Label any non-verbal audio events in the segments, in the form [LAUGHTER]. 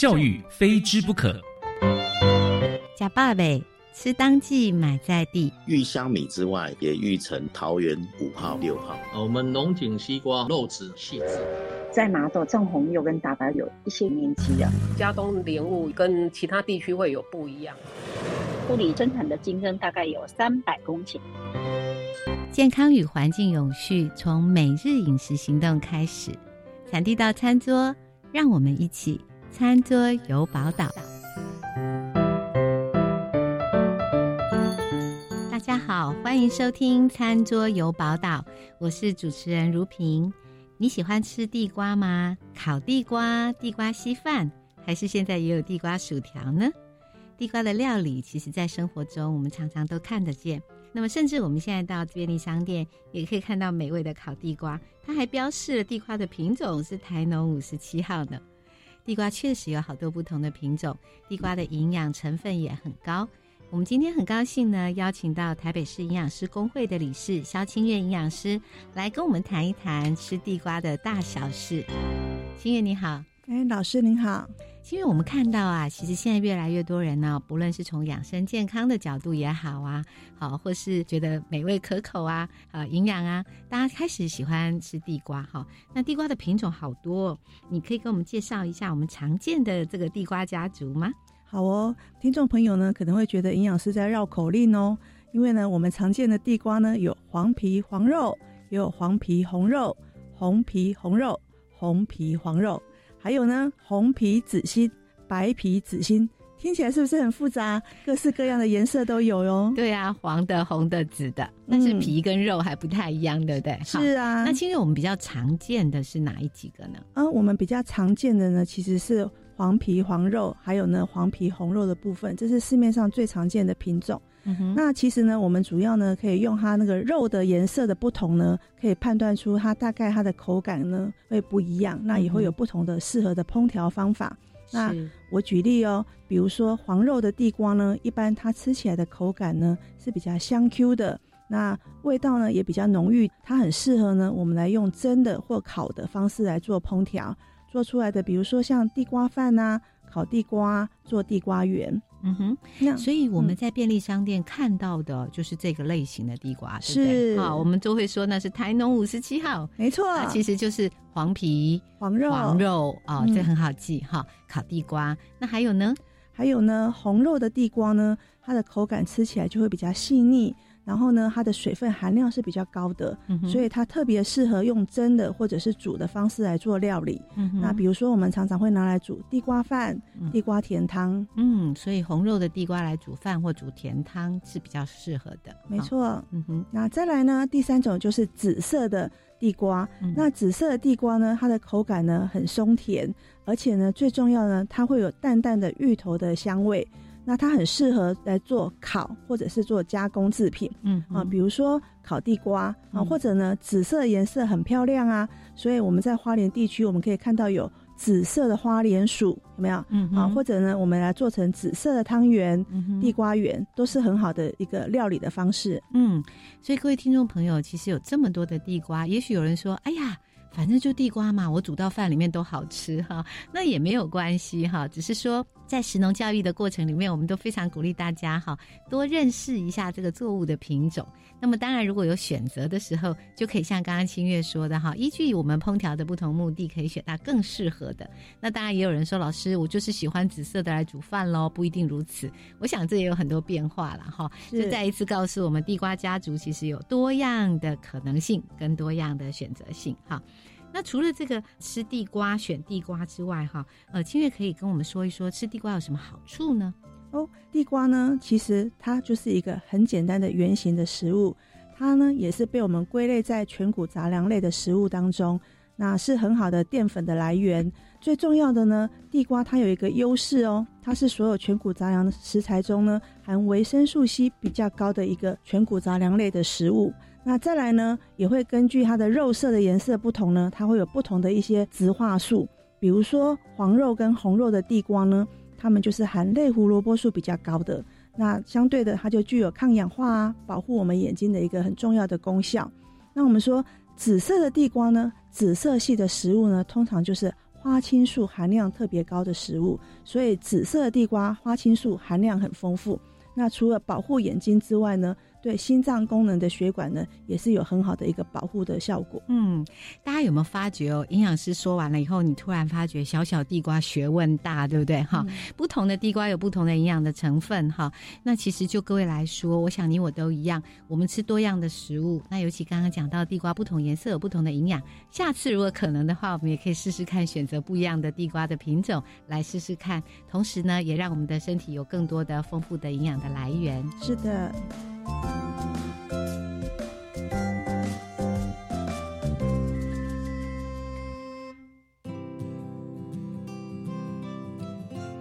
教育非知不可。假爸爸吃當季買在地玉香米之外，也育成桃園五號、六號。我們龍井西瓜肉質細緻，在麻豆正紅柚跟大白柚有一些面積的，佳冬蓮霧跟其他地區會有不一樣。埔里生產的金針大概有三百公頃。健康與環境永續，從每日飲食行動開始，產地到餐桌，讓我們一起。餐桌遊寶島。大家好，歡迎收聽《餐桌遊寶島》，我是主持人如萍。你喜歡吃地瓜嗎？烤地瓜、地瓜稀飯，還是現在也有地瓜薯條呢？地瓜的料理，其實，在生活中我們常常都看得見。那麼，甚至我們現在到便利商店，也可以看到美味的烤地瓜，它還標示了地瓜的品種是台農五十七號的。地瓜確實有好多不同的品種，地瓜的營養成分也很高。我們今天很高興呢，邀請到台北市營養師公會的理事蕭清月營養師來跟我們談一談吃地瓜的大小事。清月你好。哎，老師您好。因為我們看到啊，其實現在越來越多人呢、啊，不論是從養生健康的角度也好啊，好或是覺得美味可口啊，啊、呃，營養啊，大家開始喜歡吃地瓜哈、哦。那地瓜的品種好多，你可以給我們介紹一下我們常見的這個地瓜家族嗎？好哦，聽眾朋友呢可能會覺得營養師在繞口令哦，因為呢，我們常見的地瓜呢有黃皮黃肉，也有黃皮紅肉、紅皮紅肉、紅皮、紅肉、紅皮黃肉。還有呢，紅皮紫心、白皮紫心，聽起來是不是很複雜啊？各式各樣的顏色都有喲。 [LAUGHS] 對啊，黃的、紅的、紫的，但是皮跟肉還不太一樣，嗯，對不對？是啊。那其實我們比較常見的是哪一幾個呢？啊，我們比較常見的呢，其實是黃皮黃肉，還有呢黃皮紅肉的部分，這是市面上最常見的品種。 [NOISE] 那其實呢，我們主要呢可以用它那個肉的顏色的不同呢，可以判斷出它大概它的口感呢會不一樣，那也會有不同的適合的烹調方法。 [NOISE] 那我舉例哦，比如說黃肉的地瓜呢，一般它吃起來的口感呢是比較香 Q 的，那味道呢也比較濃郁，它很適合呢我們來用蒸的或烤的方式來做烹調，做出來的比如說像地瓜飯啊、烤地瓜、做地瓜圓。嗯哼，那所以我們在便利商店看到的，就是這個類型的地瓜。嗯、對對是，啊、哦，我們都會說那是台農五十七號，沒錯，它其實就是黃皮黃肉黃肉啊、哦嗯，這很好記哈、哦。烤地瓜，那還有呢？還有呢，紅肉的地瓜呢，它的口感吃起來就會比較細膩。然後呢，它的水分含量是比較高的。嗯，所以它特別適合用蒸的或者是煮的方式來做料理。嗯，那比如說，我們常常會拿來煮地瓜飯，嗯，地瓜甜湯。嗯，所以紅肉的地瓜來煮飯或煮甜湯是比較適合的。沒錯。嗯哼。那再來呢？第三種就是紫色的地瓜。嗯，那紫色的地瓜呢，它的口感呢很鬆甜，而且呢最重要呢，它會有淡淡的芋頭的香味。那它很適合來做烤，或者是做加工製品，嗯啊，比如說烤地瓜啊，或者呢紫色的顏色很漂亮啊，所以我們在花蓮地區，我們可以看到有紫色的花蓮薯，有沒有？嗯啊，或者呢，我們來做成紫色的湯圓、地瓜圓，都是很好的一個料理的方式。嗯，所以各位聽眾朋友，其實有這麼多的地瓜，也許有人說，哎呀，反正就地瓜嘛，我煮到飯裡面都好吃哈、哦，那也沒有關係哈、哦，只是說。在食農教育的過程裡面，我們都非常鼓勵大家哈，多認識一下這個作物的品種。那麼，當然如果有選擇的時候，就可以像剛剛清月說的哈，依據我們烹調的不同目的，可以選它更適合的。那當然也有人說，老師，我就是喜歡紫色的來煮飯嘍，不一定如此。我想這也有很多變化了哈，就再一次告訴我們，地瓜家族其實有多樣的可能性，跟多樣的選擇性哈。那除了這個吃地瓜選地瓜之外，哈，呃，清月可以跟我們說一說，吃地瓜有什麼好處呢？哦，地瓜呢，其實它就是一個很簡單的圓形的食物，它呢也是被我們歸類在全穀雜糧類的食物當中，那是很好的澱粉的來源。最重要的呢，地瓜它有一個優勢哦，它是所有全穀雜糧的食材中呢含維生素 C 比較高的一個全穀雜糧類的食物。那再來呢，也會根據它的肉色的顏色不同呢，它會有不同的一些植化素。比如說黃肉跟紅肉的地瓜呢，它們就是含類胡蘿蔔素比較高的，那相對的，它就具有抗氧化啊，保護我們眼睛的一個很重要的功效。那我們說紫色的地瓜呢，紫色系的食物呢，通常就是花青素含量特別高的食物，所以紫色的地瓜花青素含量很豐富。那除了保護眼睛之外呢，對心臟功能的血管呢，也是有很好的一個保護的效果。嗯，大家有沒有發覺哦？營養師說完了以後，你突然發覺小小地瓜學問大，對不對？哈、嗯哦，不同的地瓜有不同的營養的成分哈、哦。那其實就各位來說，我想你我都一樣，我們吃多樣的食物。那尤其剛剛講到地瓜不同顏色有不同的營養，下次如果可能的話，我們也可以試試看選擇不一樣的地瓜的品種來試試看，同時呢，也讓我們的身體有更多的豐富的營養的來源。是的。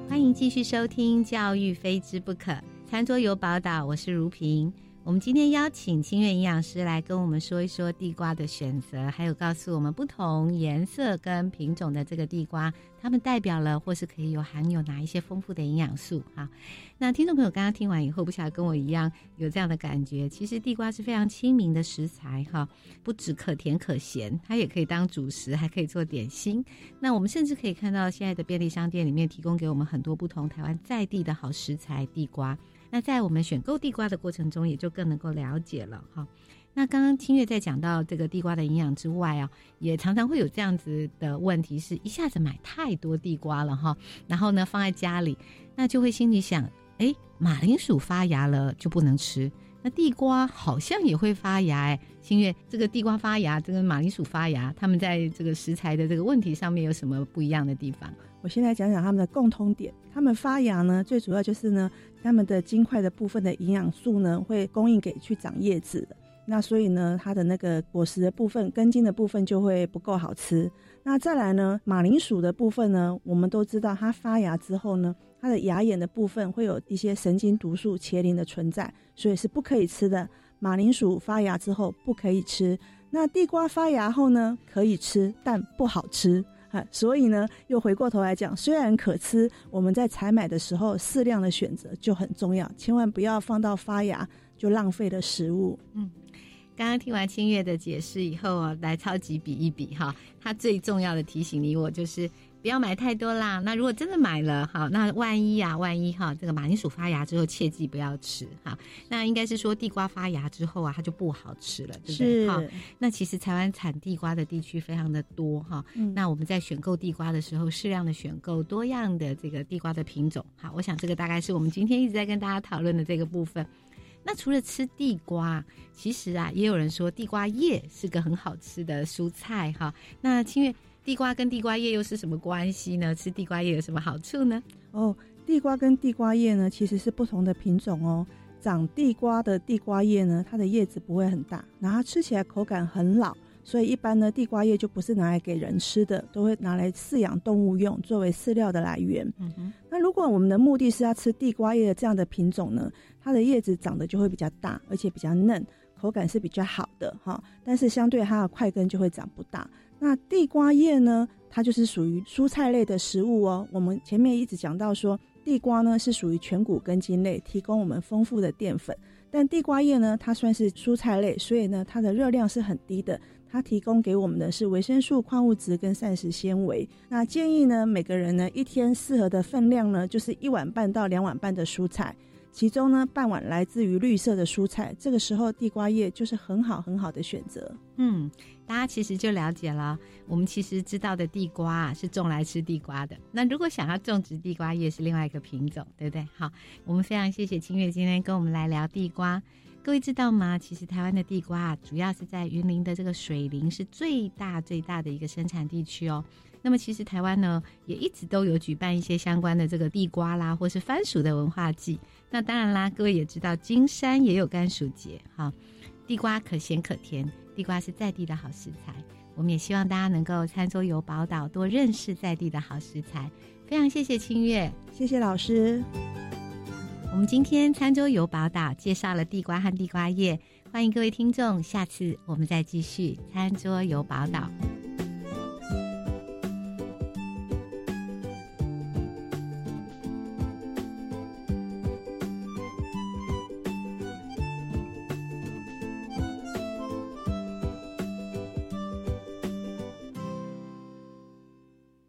歡迎繼續收聽《教育非知不可》，餐桌遊寶島，我是如萍。我們今天邀請清月營養師來跟我們說一說地瓜的選擇，還有告訴我們不同顏色跟品種的這個地瓜，它們代表了或是可以有含有哪一些豐富的營養素哈，那聽眾朋友剛剛聽完以後，不曉得跟我一樣有這樣的感覺？其實地瓜是非常親民的食材哈，不止可甜可鹹，它也可以當主食，還可以做點心。那我們甚至可以看到現在的便利商店裡面提供給我們很多不同台灣在地的好食材地瓜。那在我們選購地瓜的過程中，也就更能夠了解了哈。那剛剛清月在講到這個地瓜的營養之外啊，也常常會有這樣子的問題，是一下子買太多地瓜了哈，然後呢，放在家裡，那就會心裡想，哎，馬鈴薯發芽了就不能吃，那地瓜好像也會發芽哎。清月，這個地瓜發芽，這個馬鈴薯發芽，它們在這個食材的這個問題上面有什麼不一樣的地方？我先來講講它們的共通點，它們發芽呢，最主要就是呢，它們的莖塊的部分的營養素呢，會供應給去長葉子的，那所以呢，它的那個果實的部分、根莖的部分就會不夠好吃。那再來呢，馬鈴薯的部分呢，我們都知道它發芽之後呢，它的芽眼的部分會有一些神經毒素茄靈的存在，所以是不可以吃的。馬鈴薯發芽之後不可以吃，那地瓜發芽後呢，可以吃，但不好吃。所以呢，又回過頭來講，雖然可吃，我們在採買的時候適量的選擇就很重要，千萬不要放到發芽就浪費了食物。嗯，剛剛聽完清月的解釋以後啊，來超級比一比哈，他最重要的提醒你我就是。不要買太多啦。那如果真的買了，好，那萬一呀、啊，萬一哈、哦，這個馬鈴薯發芽之後，切記不要吃哈。那應該是說地瓜發芽之後啊，它就不好吃了，對不對？是哈。那其實台灣產地瓜的地區非常的多哈、哦嗯。那我們在選購地瓜的時候，適量的選購多樣的這個地瓜的品種哈。我想這個大概是我們今天一直在跟大家討論的這個部分。那除了吃地瓜，其實啊，也有人說地瓜葉是個很好吃的蔬菜哈、哦。那清月。地瓜跟地瓜葉又是什麼關係呢？吃地瓜葉有什麼好處呢？哦，地瓜跟地瓜葉呢，其實是不同的品種哦。長地瓜的地瓜葉呢，它的葉子不會很大，然後它吃起來口感很老，所以一般呢，地瓜葉就不是拿來給人吃的，都會拿來飼養動物用，作為飼料的來源。嗯哼。那如果我們的目的是要吃地瓜葉的這樣的品種呢，它的葉子長得就會比較大，而且比較嫩，口感是比較好的哈。但是相對它的塊根就會長不大。那地瓜葉呢？它就是屬於蔬菜類的食物哦。我們前面一直講到說，地瓜呢是屬於全穀根莖類，提供我們豐富的澱粉。但地瓜葉呢，它算是蔬菜類，所以呢，它的熱量是很低的。它提供給我們的是維生素、礦物質跟膳食纖維。那建議呢，每個人呢一天適合的分量呢，就是一碗半到兩碗半的蔬菜。其中呢，半碗來自於綠色的蔬菜。這個時候，地瓜葉就是很好很好的選擇。嗯，大家其實就了解了。我們其實知道的地瓜啊，是種來吃地瓜的。那如果想要種植地瓜葉，是另外一個品種，對不對？好，我們非常謝謝清月今天跟我們來聊地瓜。各位知道嗎？其實台灣的地瓜啊，主要是在雲林的這個水林，是最大最大的一個生產地區哦。那麼其實台灣呢，也一直都有舉辦一些相關的這個地瓜啦，或是番薯的文化祭。那當然啦，各位也知道，金山也有甘薯節。哈、哦，地瓜可鹹可甜，地瓜是在地的好食材。我們也希望大家能夠餐桌遊寶島，多認識在地的好食材。非常謝謝清月，謝謝老師。我們今天餐桌遊寶島介紹了地瓜和地瓜葉，歡迎各位聽眾，下次我們再繼續餐桌遊寶島。